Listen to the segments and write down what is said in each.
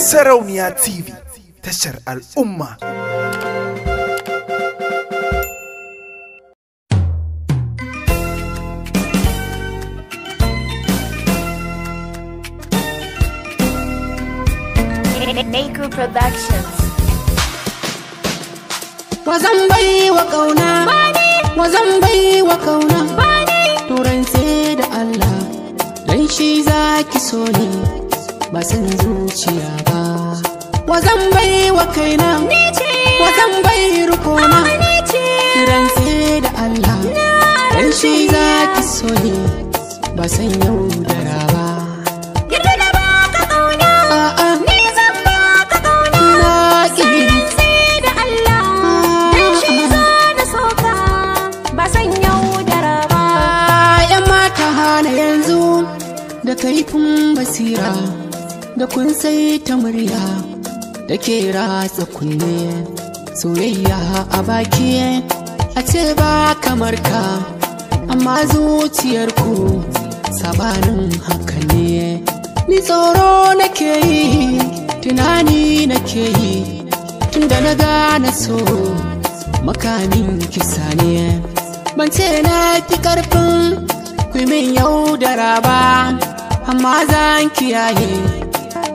Sarauniya TV tashar al'umma. Naku Productions. Wazan bai wa ƙauna, wazan bai wa ƙauna, turan da Allah, don shi za ki so ne. ba san zuciya ba wa zan bai wa kaina wa zan bai rukuna kiran sai da Allah dan shi za ki so ne ba san yau da rawa girgi da ba ka kauna a a ni zan ba ka kauna na ki sai da Allah dan shi za na so ka ba san yau da rawa ya mata hana yanzu da kun basira da kun sai ta murya da ke ratsa kunne soyayya a baki a ce ba kamar ka amma zuciyar ku sabanin haka ne ni tsoro nake yi tunani nake yi tun da na gane so makamin kisa ne ban ce na fi karfin kwimin yau da raba amma zan kiyaye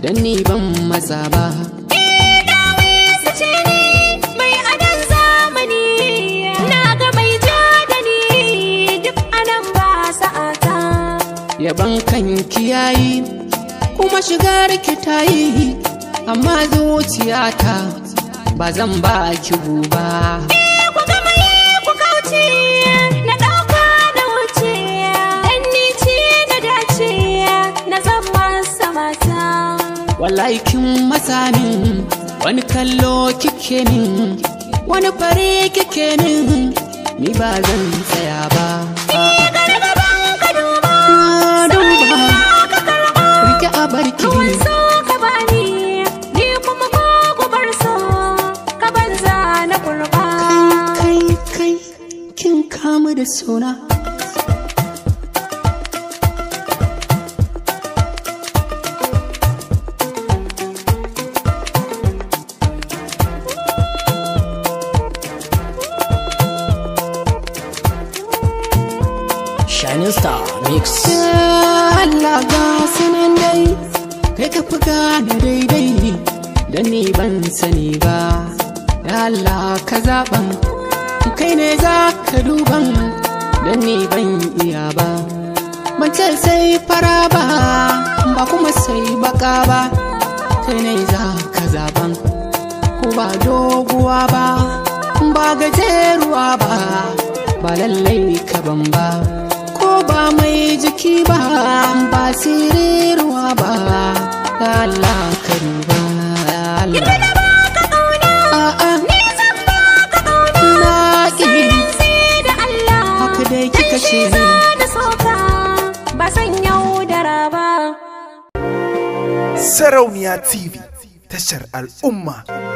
don ni ban maza ba eh, yaban kan kiyayi kuma shiga rikita yi, amma zuciyata ba zan ba ki ba. Eh, ku gama yi eh, ku kauce wallahi kin matsa min wani kallo kike min wani fare kike min ni ba zan saya ba Rike a barki Kawai ka bani Ni kuma ko gubar so Ka banza na kurba Kai kai kin kama da suna Shining Star Mix. Allah ga sunan dai, kai ka fi gane daidai da ni ban sani ba. Allah ka zaɓan, kai ne za ka duban da ni ban iya ba. Mace sai fara ba, ba kuma sai baka ba, kai ne za ka zaɓan. Ko ba doguwa ba, ba gajeruwa ba, ba lallai ka ban ba. ba mai jiki ba ba siriruwa ba Allah ka duba Allah Shi da soka ba san yaudara ba. Sarauniya TV, tashar al'umma.